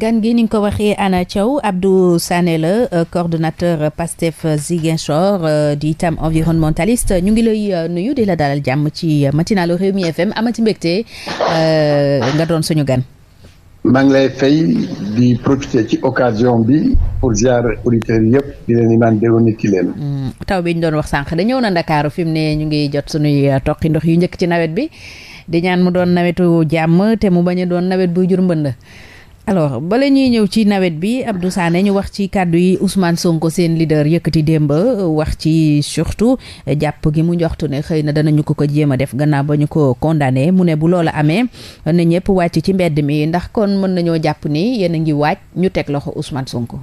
gan gi niñ ko waxee Anna Thiaw Abdou Sané la euh, coordonnateur euh, PASTEF euh, Ziguinchor di itam environnementaliste ñu ngi lay nuyu di la dalal jàmm ci matinalu Rewmi FM amati mbégte nga doon suñu gan. maa fay di profiter ci occasion bi pour ziar auditeurs yëpp di leen naan déwénu ci leen. Mm, taw bi ñu doon wax sànq da ñëw na Ndakaaru fi mu ne ñu ngi jot suñuy toqi ndox yu njëkk ci nawet bi di ñaan mu doon nawetu jàmm te mu bañ a doon nawet buy jur mbënd. alors bala ñuy ñëw ci nawet bi ab Abdou Sané ñu wax ci kàddu yi Ousmane Sonko seen leader yëkkati démb wax ci surtout jàpp gi mu njoxtu ne xëy na danañu ko ko jéem a def gannaaw ba ñu ko condamné mu ne bu loola amee na ñëpp wàcc ci mbedd mi ndax kon mën nañoo jàpp ni yéen a ngi waaj ñu teg loxo Ousmane Sonko.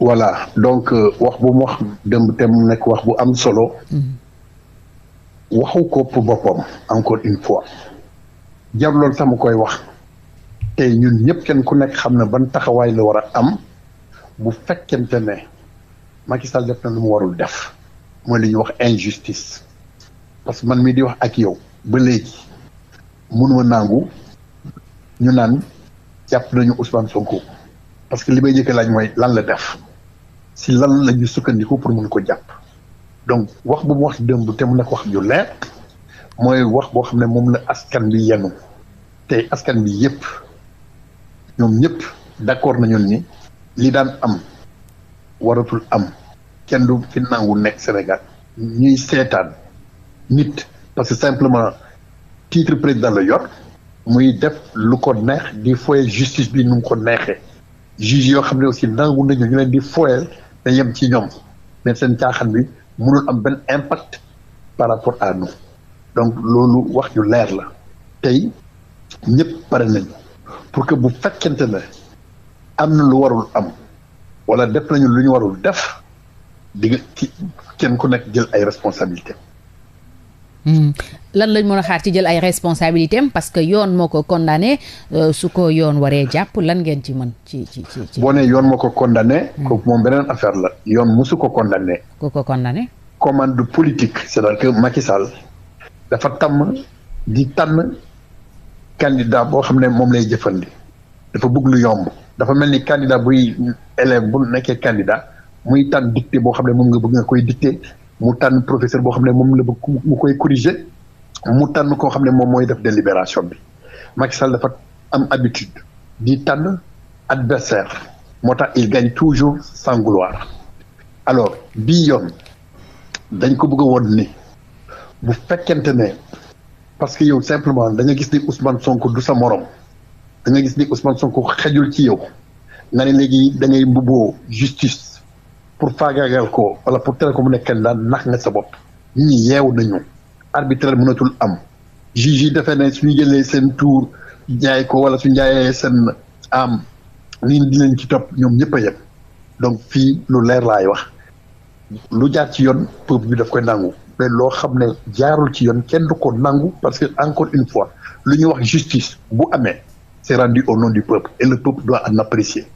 voilà donc euh, wax bu mu wax démb te mu nekk wax bu am solo. Mhm. waxu ko pour boppam encore une fois. jar loolu sama koy wax. tey ñun ñëpp kenn ku nekk xam ne ban taxawaay la war a am bu fekkente ne Macky Sall def na lu mu warul def mooy li ñuy wax injustice parce que man mii di wax ak yow ba léegi mënuma nangu ñu naan jàpp nañu Ousmane Sonko parce que li may njëkk laaj mooy lan la def si lan la ñu sukkandiku pour mun ko jàpp donc wax bu mu wax dëmb te mu nekk wax ju leer mooy wax boo xam ne moom la askan bi yenu tey askan bi yëpp. ñoom ñëpp d'accord nañu ni li daan am waratul am kenn du fi nangu nekk Sénégal ñuy seetaan nit parce que simplement titre président la yor muy def lu ko neex di foye justice bi nu ko neexee juge yoo xam ne aussi nangu nañu ñu leen di foyel te yem ci ñoom mais seen caaxaan bi mënul am benn impact par rapport à nous donc loolu wax ju leer la tey ñëpp pare nañu pour que bu fekkente ne am na lu warul am wala def nañu lu ñu warul def di nga ci kenn ku nekk jël ay responsabilité hmm. lan lañ mën a xaar ci jël ay responsabilité parce que yoon moo ko condamné euh, su ko yoon waree jàpp lan ngeen ci mën ci ci ci. boo nee yoon moo ko condamné. Hmm. kooku moom beneen affaire la. yoon musu ko condamné. ku ko condamné. commande politique. c'est-à-dire que Macky Sall dafa tàmm di tànn. candidat boo xam ne moom lay jëfandi dafa bëgg lu yomb dafa mel ni candidat buy élève bu nekkee candidat muy tànn dicté boo xam ne moom nga bëgg nga koy dicté mu tànn professeur boo xam ne moom la bëgg mu koy corriger mu tànn koo xam ne moom mooy def délibération bi Macky Sall dafa am habitude di tànn adversaire moo tax il gagne toujours sans gloire alors bii yoon dañ ko bëgg a woon ni bu fekkente ne parce que yow simplement da nga gis ni usman Sonko du sa morom da nga gis ni Ousmane Sonko xejul ci yow nga ne léegi da ngay mbubboo justice pour faagaagal ko wala pour tere ko mu nekk daal nax nga sa bopp ñi yeew nañu arbitraire mënatul am juge yi defee ne suñu jëlee seen tour jaay ko wala su njaayee seen am ni di ci topp ñoom ñëpp a yem donc fii lu leer laay wax lu jaar ci yoon peuple bi daf koy nangu loo xam ne jaarul ci yoon kenn du ko nangu parce que encore une fois lu ñu wax justice bu amee c'est rendu au nom du peuple le peuple doit en apprécier.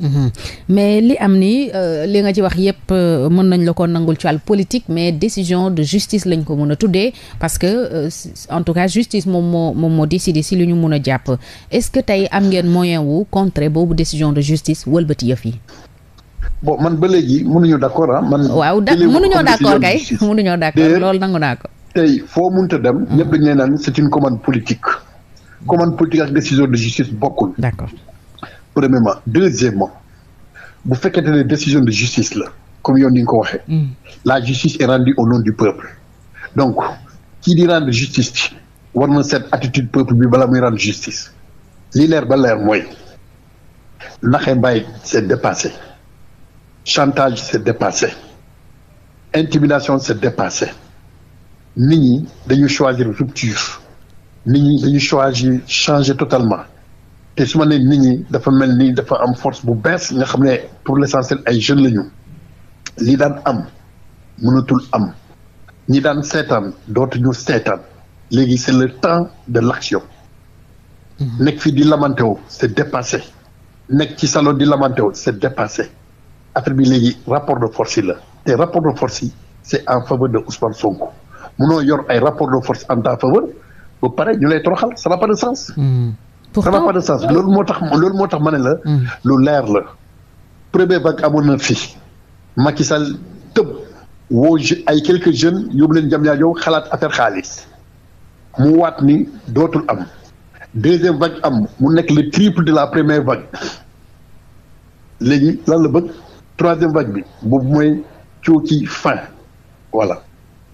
Mhm. mais li am ni euh, li nga ci wax yépp euh, mën nañ la ko nangul ci wàll politique mais décision de justice lañ ko mën a tuddee parce que euh, en tout cas justice moom moo moom moo décidé si li ñu mën a jàpp est-ce que tey am ngeen moyen wu contrer boobu décision de justice wëlbati yëf yi. bo man ba léegi mënuñu d'accord ah man. waaw da mënuñoo d'accord kay mënuñoo d'accord loolu nangu naa ko. tey foo mënta dem. Hmm. ñëpp dañu leen naan c'est une commande politique. commande politique ak décision de justice bokkul. d'accord premièrement bu fekkente ne décision de justice la comme yoon di nga ko waxee. Hmm. la justice est rendue au nom du peuple. donc kii di rendre justice war na seet attitude peuple bi bala muy rendre justice. li leer ba leer mooy naxe bàyyi c'est dépassé. chantage c'est dépassé intimidation c'est dépassé nit ñi dañu choisir rupture nit ñi dañu choisir changé totalement te su ma ne nit ñi dafa mel ni dafa am force bu bees nga xam ne pour l'essentiel ay jeunes lañu li daan am mënatul am ñi daan seetaan dootuñu seetaan léegi c'est le temps de l'action mm-hmm. nekk fi di lamantewu c'est dépassé nekk ci salon di lamantewu c'est dépassé affaire bi léegi rapport de force yi la te rapport de force yi c' est en faveur de Ousmane Sonko munoo yor ay rapport de force en ta faveur pare ñu lay toroxal ça n'a pas de sens. Hmm. ça n'a de sens loolu moo tax loolu moo tax ma ne la. Hmm. lu leer la. premier vague amoon na fi Macky Sall tëb woo ay quelques jeunes yóbbu leen jam yaa ñëw xalaat affaire xaalis mu waat ni dootul am deuxième vague am mu nekk le triple de la première vague léegi lan la bëgg. troisième vague bi boobu mooy coo ci fin voilà.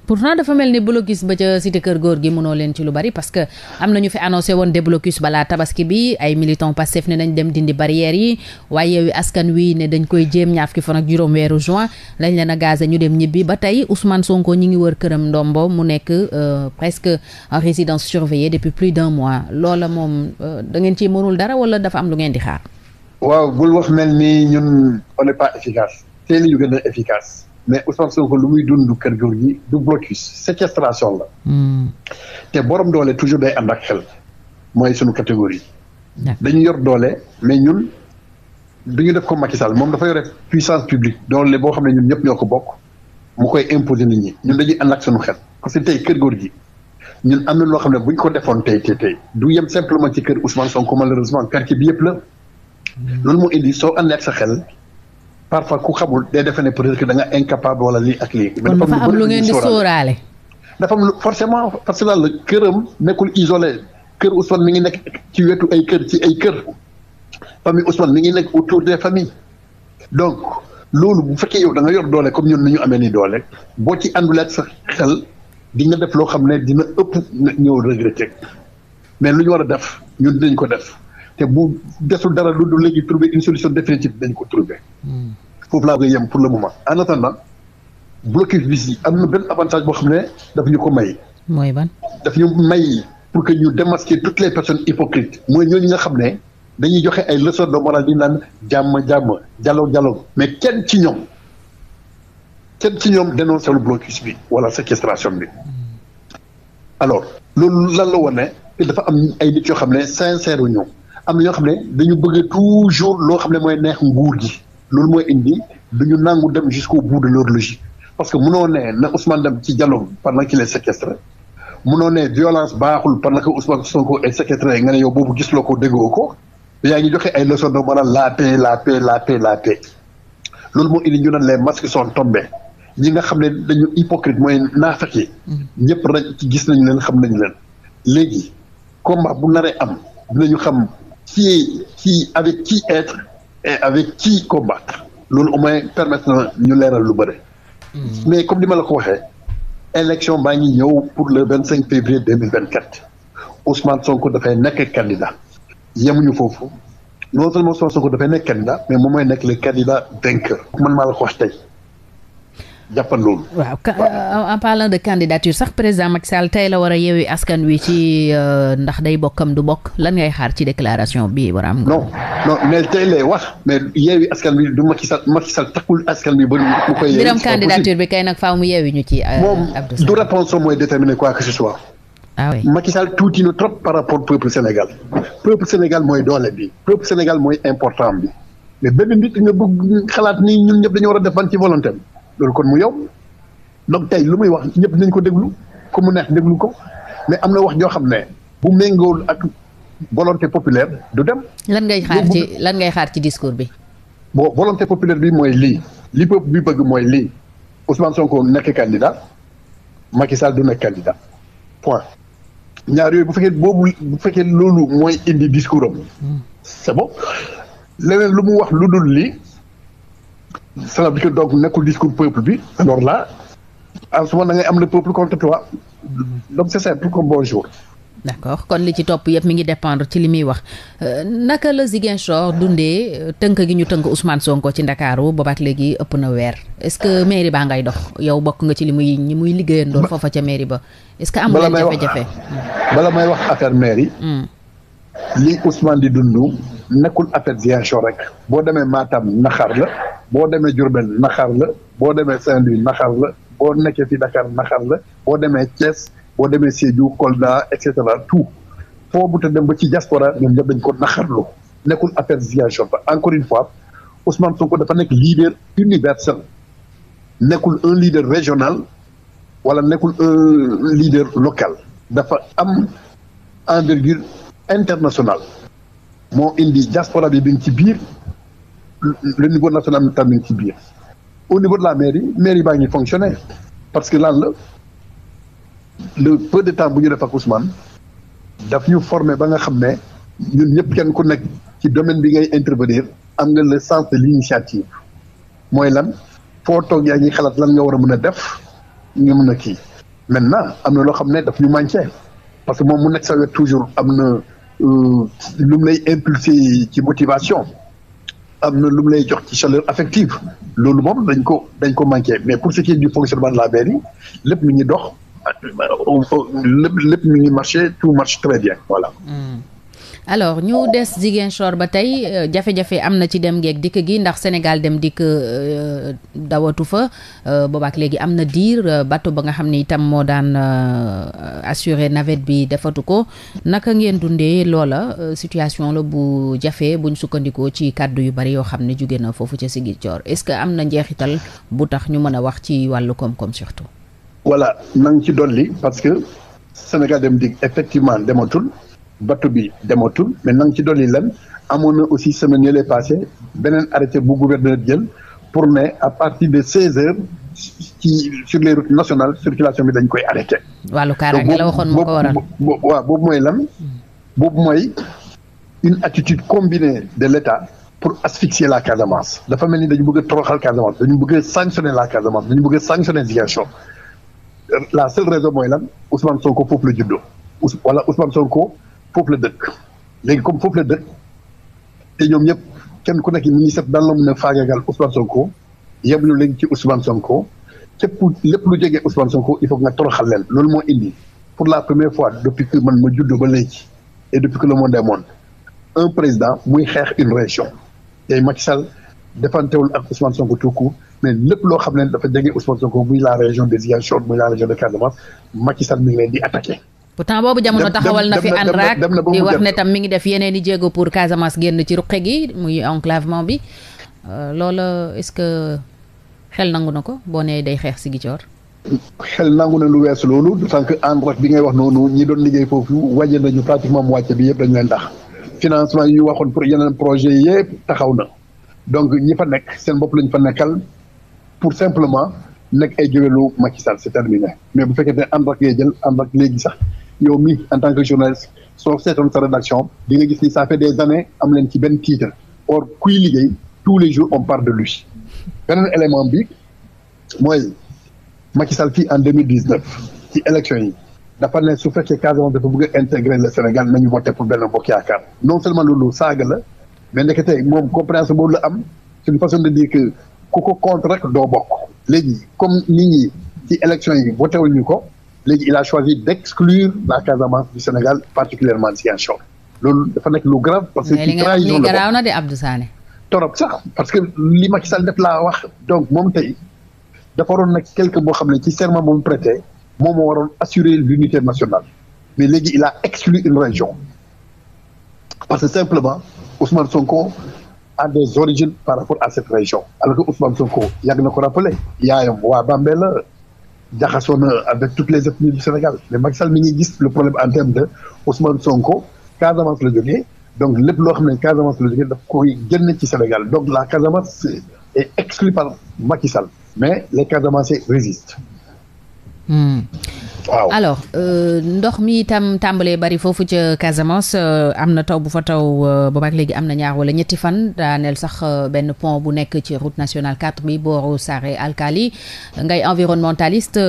pourtant dafa mel ni blocus ba ca cité kër góor gi mënoo leen ci lu bari parce que am na ñu fi annoncé woon déblocus balaa tabaski bi ay militants Pastef ne nañ dem dindi barrières yi waaye yi Askan Wi ne dañ koy jéem ñaar fukki fan ak juróom weeru juin lañ leen a gazé ñu dem ñibbi ba tey Ousmane Sonko ñi ngi wër këram ndombo mu nekk euh, presque en résidence surveillée depuis plus d'un mois loola moom euh, da ngeen ciy mënul dara wala dafa am lu ngeen di xaar. waaw bul wax mel ni ñun on n'est pas efficace teel yu gën a efficace mais Ousmane Sonko lu muy dund kër jur gi du blocus séquestration la. Hmm. te borom doole toujours day ànd ak xel mooy sunu catégorie. dañu yor doole mais ñun du ñu ko Macky Sall moom dafa yore puissance publique doole boo xam ne ñëpp ñoo ko bokk mu koy imposer nit ñi ñun dañuy ànd ak sunu xel parce que tey kër góor gi. ñun am na loo xam ne bu ñu ko defoon tey tey tey du yem ci kër Ousmane Sonko malheureusement quartier bi yëpp la loolu moo indi soo ànd ak sa xel parfois ku xamul day defe ne peut-être da nga incapable wala lii ak lii. mais dafa am lu ngeen di sóoraale dafa am lu forcément parce que daal këram nekkul isolé kër Ousmane mi ngi nekk ci wetu ay kër ci ay kër famille Ousmane mi ngi nekk autour des familles donc loolu bu fekkee yow da nga yor doole comme ñun ni ñu amee nii doole boo ci àndul ak sa xel di nga def loo xam ne dina ëpp ñëw regretter mais lu ñu war a def ñun dinañ ko def. te bu desul dara lu dul léegi trouver une solution définitive dañ ko trouver hmm. foofu laa koy yem pour le moment en attendant blocus bi am na benn avantage boo xam ne daf ñu ko may. mooy ban daf ñu may pour que ñu démasquer toutes les personnes hypocrites mooy ñooñu nga xam ne dañuy joxe ay leçons de morale di naan jàmm jàmm dialogue dialogue mais kenn ci ñoom kenn ci ñoom dénoncé lu blocus bi wala séquestration bi hmm. alors loolu lan la wane dafa am ay nit yoo xam ne sincère ñu am na ñoo xam ne dañu bëgg toujours loo xam ne mooy neex nguur gi loolu mooy indi duñu nangu dem jusqu'au bout de leur logique parce que mënoo ne na Ousmane dem ci dialogue pendant qu'il est séquestré mënoo ne violence baaxul pendant que Ousmane Sonko est séquestré nga ne yow boobu gis loo ko déggoo ko yaa ngi joxe ay leçons de morale la paix la paix la paix la loolu moo indi ñu naan les masques sont tombés ñi nga xam ne dañu hypocrite mooy naafeq yi ñëpp rek gis nañu leen xam nañu leen léegi combat bu naree am dinañu xam si est qui avec qui être et avec qui combattre loolu au moins permettre na ñu leeral lu bëri. Hmm. mais comme ni ma la ko waxee. élection baa ngi ñëw pour le vingt cinq février deux mille vingt quatre Ousmane Sonko dafay nekk candidat yemuñu foofu non seulement Ousmane Sonko dafay nekk candidat mais moom mooy nekk le candidat vainqueur man maa la ko wax tey. jàppan loolu. waaw euh, en parlant de candidature sax président Macky Sall tey la war a yeewi askan wi ci euh, ndax day bokkam du bokk lan ngay xaar ci déclaration bi war a no non non mais tey lay wax mais yeewi askan wi du Macky Sall Macky Sall takkul askan wi ba mu koy. yeewi mbiram kay nag faaw mu yeewi ñu ci. Euh, Abdou Sall moom du réponse mooy déterminer quoi que ce soit. ah oui tuuti na trop par rapport peuple Sénégal peuple Sénégal mooy doole bi peuple Sénégal mooy important bi mais benn nit nga bëgg xalaat ni ñun ñëpp dañu war a ci volonté loolu kon mu yow donc tey lu muy wax ñépp nañ ko déglu ku mu neex déglu ko mais am na wax ñoo xam ne bu méngool ak volonté populaire du dem. lan ngay xaar ci lan ngay xaar ci discours bi. bon volonté populaire bi mooy lii li peuple bi bëgg mooy lii Ousmane Sonko nekk candidat Macky Sall du nekk candidat point ñaar yooyu bu fekkee boobu bu fekkee loolu mooy indi discours am. Hmm. c'est bon leneen lu mu wax lu dul lii. cela veut dire que donc nekkul discours peuple bi alors là en ce moment da am la peuple contre toi donc c'est simple comme bonjour. d'accord kon li ci topp yëpp mi ngi dépendre ci li muy wax euh, naka la Ziguinchor dundee euh, tënk gi ñu tënk Ousmane Sonko ci Ndakaaru boobaak léegi ëpp na weer est-ce que mairie baa ngay dox yow bokk nga ci li muy ñi muy liggéeyandoon foofa ca mairie ba est-ce que am jafe-jafe bala may wax affaire mairie hmm. li Ousmane di dund nekkul affaire Ziguinchor rek boo demee maatam naxar la boo demee Diourbel naxar la boo demee Saint-Louis naxar la boo nekkee fi Dakar naxar la boo demee Thiès boo demee Sédhiou Kolda et cetera tout foo bu te dem ba ci diaspora ñoom ñëpp dañ ko naxarlu nekkul affaire Ziguinchor ba encore une fois Ousmane Sonko dafa nekk leader universel nekkul un leader régional wala nekkul un leader local dafa am envergure international moo indi diaspora bi ci biir le niveau national mi tam mi ngi ci biir au niveau de la mairie mairie baa ngi fonctionner parce que lan la le peu de temps bu ñu def ak daf ñu former ba nga xam ne ñun ñëpp kenn ku nekk ci domaine bi ngay intervenir am nga le sens de l'initiative mooy lan foo toog yaa ngi xalaat lan nga war a mën a def nga mën a kii maintenant am na loo xam ne daf ñu manqué parce que moom mu nekk sa wet toujours am na Euh, lu mu lay impulsé ci motivation am na lu mu lay jox ci chaleur affective loolu moom dañ ko dañ ko manqué mais pour ce qui est du fonctionnement de la mairie lépp mi ngi dox euh, euh, lépp lépp mi ngi marché tout marche très bien voilà. Mm. alors ñu des Ziguinchor ba tey euh, jafe-jafe am na ci dem geeg dikk gi ndax Sénégal dem dikk euh, dawatu fa euh, boobaak léegi am na diir bateau ba nga xam ne itam moo daan assurer navette bi defatu ko naka ngeen dundee loola situation la bu jafe buñ sukkandikoo ci kàddu yu bari yoo xam ne jóge na foofu ca Ziguinchor est-ce que am na njeexital bu tax ñu mën a wax ci wàllu koom-koom surtout. wala na nga ci dolli parce que Sénégal dem dikk effectivement dematul. bato bi dematul mais na nga ci dolli lan amoon na aussi semaine yële passé beneen arrêté bu gouverneur jël pour ne à partir de seize heures ci sur les routes nationales circulation bi dañ koy arrêté. wàllu kaaraange la waxoon moo ko waral waaw boobu mooy lan. boobu mooy une attitude combinée de l'État pour asphyxier la Casamance. dafa mel ni dañu bëgg a toroxal Casamance dañu bëgg a sanctionner la Casamance dañu bëgg a sanctionner Ziguinchor euh, la seule raison mooy lan Ousmane Sonko foofu la juddoo wala Ousmane Sonko. foofu la dëkk léegi comme foofu la dëkk te ñoom ñëpp kenn ku nekk ministre daan la mun a faagaagal Ousmane Sonko yeblu leen ci Ousmane Sonko képp lépp lu jege Ousmane Sonko il faut nga toroxal loolu moo indi pour la première fois depuis que man ma juddo ba léegi et depuis que le monde est un président muy xeex une région tey Macky Sall defantewul ak Ousmane Sonko tout court mais lépp loo xam ne dafa jege Ousmane Sonko muy la région de Ziguinchor muy la région de Casamance Macky Sall mi ngi di attaqué. pourtant boobu jamono taxawal na fi ANRAC di wax ne tam mi ngi def yeneen i jéego pour Casamance génn ci ruqe gi muy enclavement bi euh, loola est-ce que xel nangu na ko boo nee day xeex Ziguinchor xel nangu na lu weesu loolu sànq ANRAC bi ngay wax noonu ñi doon liggéey foofu wàññi nañu pratiquement moitié bi yëpp dañu leen tax financement yi waxoon pour yeneen projet yëpp taxaw na donc ñi fa nekk seen bopp lañu fa nekkal pour simplement nekk ay géwélu Macky Sall c'est terminé mais bu fekkee ne ànd ak ngay jël ànd ak léegi sax yow mi en tant que journaliste soo seetoon sa rédaction di nga gis ni ça fait des années am leen ci benn titre or kuy liggéey tous les jours on parle de lui beneen élément bi mooy Macky Sall fii en deux mille dix neuf ci élection yi dafa ne su fekkee Casamance dafa bëgg a le Sénégal nañu voté pour Benno Bokk Yaakaar non seulement loolu saaga la mais ndekete moom compréhension boobu la am c'est une façon de dire que ku ko contre rek doo bokk léegi comme nit ñi ci élection yi voté ko léegi il a choisi d'exclure la Casamance du Sénégal particulièrement Ziguinchor loolu dafa nekk lu grave parce que ci trahison la garaaw na de Abdou Sané torop sax parce que li Macky Sall def laa wax donc moom tey dafa waroon nag quelque boo xam ne ci serment bu mu prêté moom moo assuré assurer l'unité nationale mais léegi il a exclu une région parce que simplement Ousmane Sonko a des origines par rapport à cette région alors que Ousmane Sonko yàgg na ko rappelé jaxasoo na avec toutes les ethnies du Sénégal mais Macky Sall mi ngi gis le problème en terme de Ousmane Sonko Casamance la jógee donc lépp loo xam ne Casamance la jógee daf koy génn ci Sénégal donc la Casamance est exclue par Macky mais les Casamançais résistent Hmm. waaw alors euh, ndox mi itam tàmbalee bari foofu ca Casamance euh, am na taw bu fa taw euh, boobaak léegi am na ñaar wala ñetti fan daaneel sax benn pont bu nekk ci route nationale 4 bi booru Saré Alkali ngay environnementaliste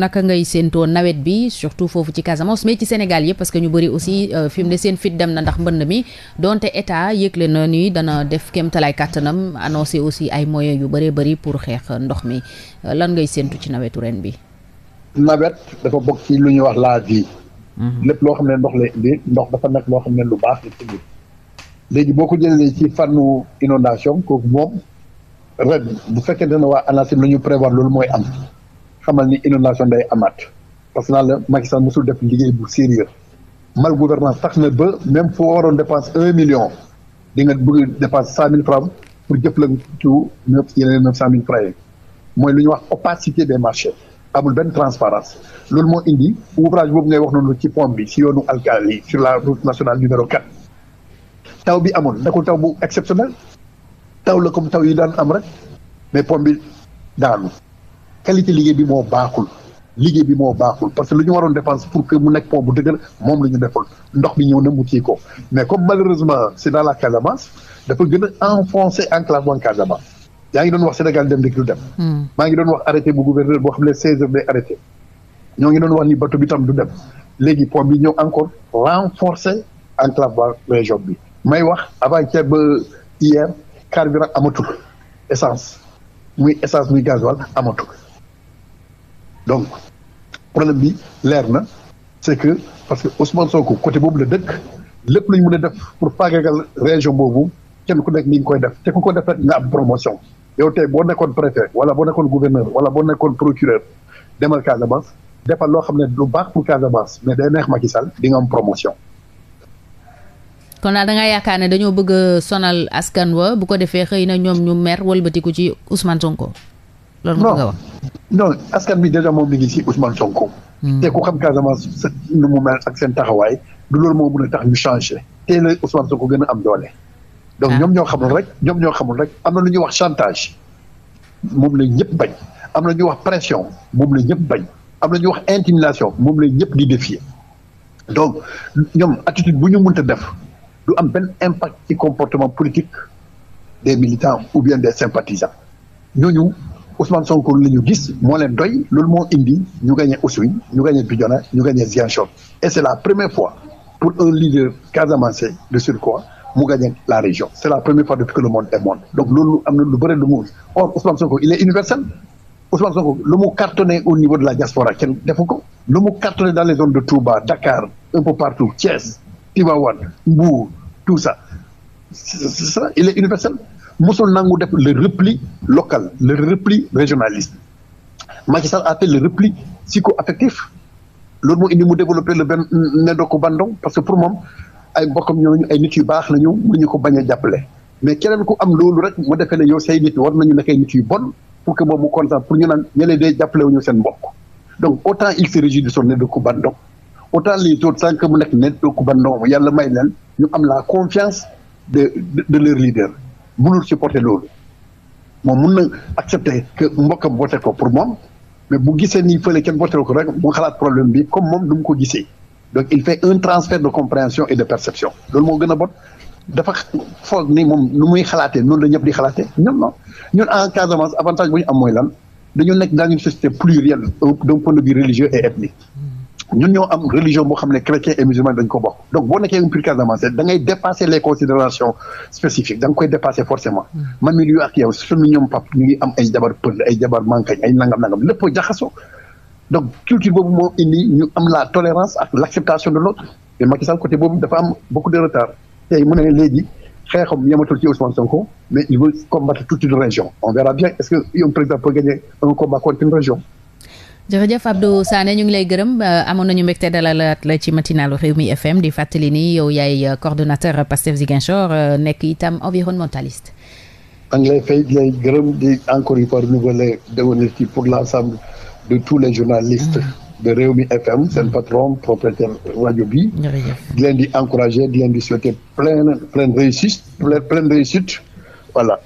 naka ngay séentoo nawet bi surtout foofu ci Casamance mais ci Sénégal yëpp parce que ñu bëri aussi fi mu ne seen fit dem na ndax mbënd mi donte état yëgle na ni dana def kéem talaay kàttanam annoncé aussi ay moyen yu bëree bëri pour xeex ndox mi lan ngay séentu ci nawetu ren bi. nawet dafa bokk ci lu ñuy wax la vie. Mhm. lépp loo xam ne ndox la indi ndox dafa nekk loo xam ne lu baax la léegi boo ko jëlee ci fànnu inondation kooku moom ren bu fekkente ne waa ANACIM la ñu prévoir loolu mooy am xamal ni inondation day amaat parce que naan la Macky Sall mosul def liggéey bu sérieux mal gouvernance tax na ba même foo waroon dépense un million di nga bëgg dépense cent mille francs pour jëflantu neuf yeneen neuf cent mille francs mooy lu ñuy wax opacité des marchés. amul benn transparence loolu moo indi ouvrage boobu ngay wax noonu ci pont bi si yoonu Alkali sur la route nationale numéro 4 taw bi amoon nekkul taw bu exceptionnel taw la comme taw yi daan am rek mais pont bi daanu qualité liggéey bi moo baaxul liggéey bi moo baaxul parce que lu ñu waroon dépense pour que mu nekk pont bu dëgër moom la ñu deful ndox bi ñëw na mu kii ko mais comme malheureusement c'est dans la Casamance dafa gën a enfoncé enclavement Casamance yaa ngi doon wax Sénégal dem dikk du dem. Hmm. maa ngi doon wax arrêté bu gouverneur boo xam ne 16 heures lay ñoo ngi doon wax ni bateau bi tam du dem léegi bi ñëw encore renforcer enclavement région bi may wax avant-hier ba hier carburant amatul essence muy essence muy gasoil amatul donc problème bi leer na c'est que parce que Ousmane Sonko côté boobu la dëkk lépp lu ñu mën a def pour faagaagal région boobu kenn ku nekk ni ngi koy def te ku ko def rek nga am promotion yow tey boo nekkoon préfet wala boo nekkoon gouverneur wala boo nekkoon procureur demal Casamance defal loo xam ne du baax pour Casamance mais day neex ma Sall di nga am promotion. kon daal da nga yaakaar ne dañoo bëgg a sonal askan wa bu ko defee xëy na ñoom ñu mer wëlbatiku ci Ousmane Sonko. loolu nga bëgg a wax non askan bi déjà moom mi ngi ci Ousmane Sonko. Hmm. te ku xam Casamance nu mu mel ak seen taxawaay du loolu moo mën a tax ñu changé. tey la Ousmane Sonko gën a am doole. donc ah. ñoom ñoo xamul rek ñoom ñoo xamul rek am na lu ñuy wax chantage moom la ñëpp bañ am na ñuy wax pression moom la ñëpp bañ am na ñuy wax intimidation moom la ñëpp di défier donc ñoom attitude bu ñu mënta def du am benn impact comportement politique des militants ou bien des sympathisants ñooñu Ousmane Sonko ñu gis moo leen doy loolu moo indi ñu gagné Oussouye ñu gagné Bignona ñu gagné Ziguinchor et c'est la première fois pour un leader casamançais de surcroît mu gagné la région c'est la première fois depuis que le monde est monde donc loolu am na lu bëri lu mu or Ousmane Sonko il est universel Ousmane Sonko lu mu cartonné au niveau de la diaspora kenn defu ko lu mu cartonné dans les zones de Touba Dakar un peu partout Thiès Tivaouane Mbour tout ça c'est il est universel mosul nangu le repli local le repli régionaliste Macky Sall a fait le repli psycho-affectif loolu moo indi mu développé le benn ne doo ko bandong parce que pour moom ay mbokkam ñooñu ay nit yu baax la ñu mënuñu ko bañ a jàppale mais keneen ku am loolu rek mu defee ne yow say nit war nañu nekk ay nit yu bon pour que moom mu kontaan pour ñu naan ñële day jàppale wu ñu seen mbokk donc autant il se réjouit de son nez de Koumba-Ndong autant les autres sans que mu nekk nez de Koumba-Ndong yàlla may leen ñu am la confiance de de, de leur leader mënul supporter loolu moom mun na accepter que mbokkam voté ko pour moom mais bu gisee nii fële kenn voté ko rek mu xalaat problème bi comme moom du mu ko gisee donc il fait un transfert de compréhension et de perception loolu moo gën a bon dafa foog ni moom nu muy xalaatee noonu la ñëpp di xalaatee ñoom non ñun en Casamance avantage bu ñu am mooy lan dañu nekk dans une société ñun ñoo am religion boo xam ne chrétien et musulman dañ ko bokk donc boo nekkee une pure Casamance da ngay dépasser les considérations spécifiques da nga koy dépasser forcément man mi liyu ak yow suñu ñoom pap ñu ngi am ay jabar pël ay jabar mankañ ay nangam nangam lépp jaxasoo donc culture boobu moo indi am la tolérance ak l' acceptation de l'autre mais Macky Sall côté boobu dafa am beaucoup de retard tey mu ne léegi xeexam yematul ci Ousmane Sonko mais il veut combattre toute une région on verra bien est ce que un président peut gagner un combat contre une région jërëjëf Abdou Sané ñu ngi lay gërëm euh, amoon nañu mbégte dalalaat la ci matinalu Rewmi FM di fàttali ni yow yaay euh, coordonnateur Pastef Ziguinchor euh, nekk itam environnementaliste. maa ngi lay fay di lay encore une fois renouveler déwénal ci pour l' ensemble de tous les journalistes ah. de Rewmi FM seen mm. patron propriétaire rajo bi di leen di encourager di leen di souhaiter pleine pleine réussite pleine réussite voilà